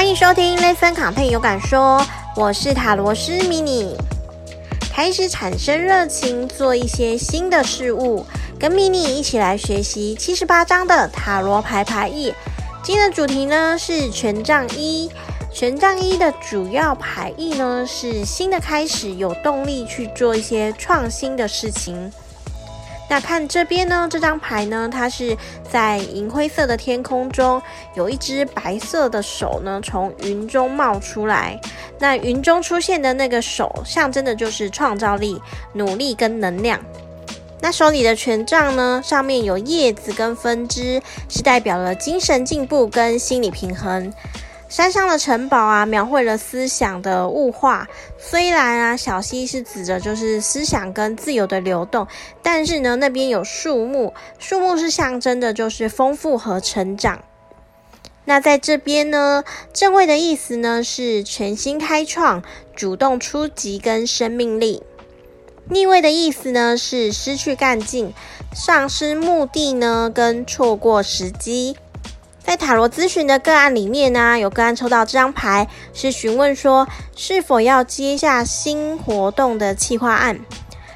歡迎收聽《ListenContent 有感說》，我是塔羅師迷你，開始產生熱情，做一些新的事物，跟迷你一起來學習七十八張的塔羅牌牌意。今天的主題呢是權杖一，權杖一的主要牌意呢是新的開始，有動力去做一些創新的事情。那看這邊呢，這張牌呢，它是在銀灰色的天空中，有一隻白色的手呢，從雲中冒出來。那雲中出現的那個手，象徵的就是創造力、努力跟能量。那手裡的權杖呢，上面有葉子跟分支，是代表了精神進步跟心理平衡。山上的城堡啊，描繪了思想的物化。雖然啊，小溪是指的就是思想跟自由的流動，但是呢，那邊有樹木，樹木是象徵的，就是豐富和成長。那在這邊呢，正位的意思呢是全新開創、主動出擊跟生命力；逆位的意思呢是失去幹勁、喪失目的呢跟錯過時機。在塔羅諮詢的個案裡面呢，有個案抽到這張牌，是詢問說是否要接下新活動的企劃案。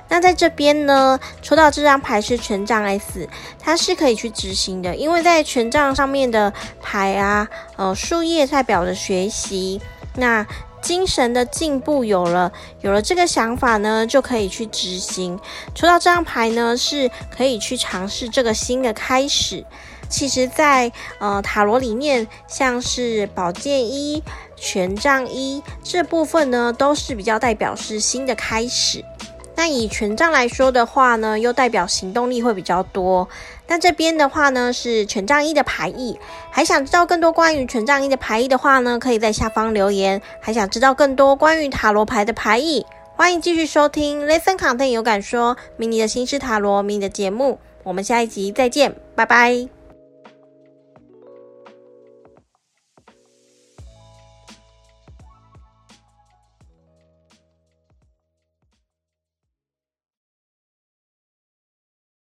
那在這邊呢，抽到這張牌是權杖 ACE，它是可以去執行的，因為在權杖上面的牌啊，呃，樹葉代表着學習，那精神的進步有了，有了這個想法呢，就可以去執行。抽到這張牌呢，是可以去嘗試這個新的開始。其實在，在呃塔羅裡面，像是寶劍一、權杖一這部分呢，都是比較代表是新的開始。那以權杖來說的話呢，又代表行動力會比較多。那這邊的話呢，是權杖一的牌義。還想知道更多關於權杖一的牌義的話呢，可以在下方留言。還想知道更多關於塔羅牌的牌義，歡迎繼續收聽 Listen Content 有感說迷你的新式塔羅迷你的節目。我們下一集再見，拜拜。